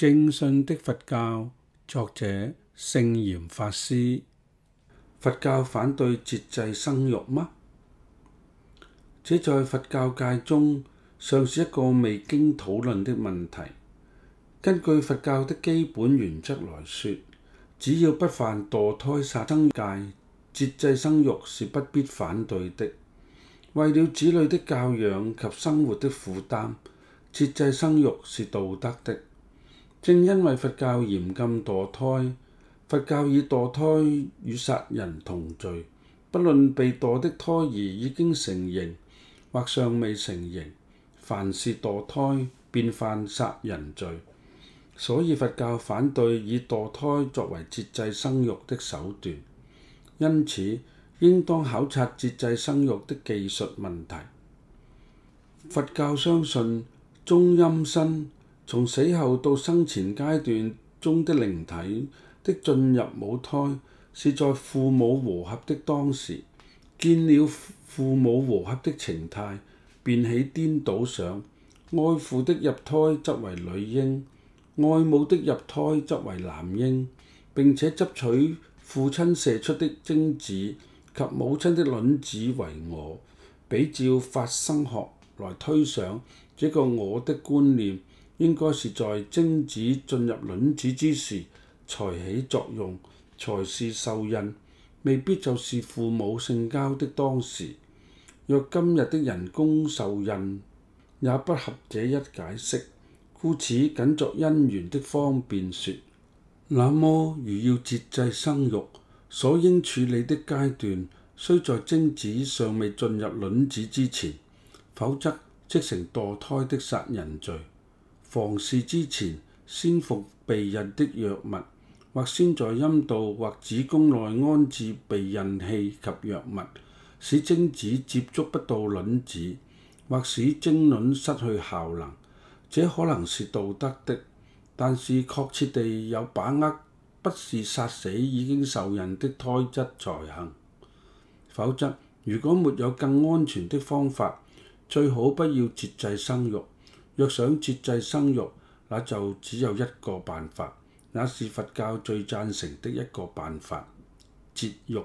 正信的佛教，作者聖嚴法師。佛教反對節制生育嗎？這在佛教界中尚是一個未經討論的問題。根據佛教的基本原則來說，只要不犯墮胎殺生戒，節制生育是不必反對的。為了子女的教養及生活的負擔，節制生育是道德的。正因為佛教嚴禁墮胎，佛教以墮胎與殺人同罪，不論被墮的胎兒已經成形或尚未成形，凡是墮胎便犯殺人罪，所以佛教反對以墮胎作為節制生育的手段。因此，應當考察節制生育的技術問題。佛教相信中陰身。從死後到生前階段中的靈體的進入母胎，是在父母和合的當時，見了父母和合的情態，便起顛倒想，愛父的入胎則為女嬰，愛母的入胎則為男嬰。並且執取父親射出的精子及母親的卵子為我，比照發生學來推想這個我的觀念。應該是在精子進入卵子之時才起作用，才是受孕，未必就是父母性交的當時。若今日的人工受孕也不合這一解釋，故此僅作姻緣的方便說。那麼，如要節制生育，所應處理的階段，須在精子尚未進入卵子之前，否則即成墮胎的殺人罪。房事之前，先服避孕的藥物，或先在陰道或子宮內安置避孕器及藥物，使精子接觸不到卵子，或使精卵失去效能。這可能是道德的，但是確切地有把握，不是殺死已經受孕的胎質才行。否則，如果沒有更安全的方法，最好不要節制生育。若想節制生育，那就只有一個辦法，那是佛教最贊成的一個辦法，節育。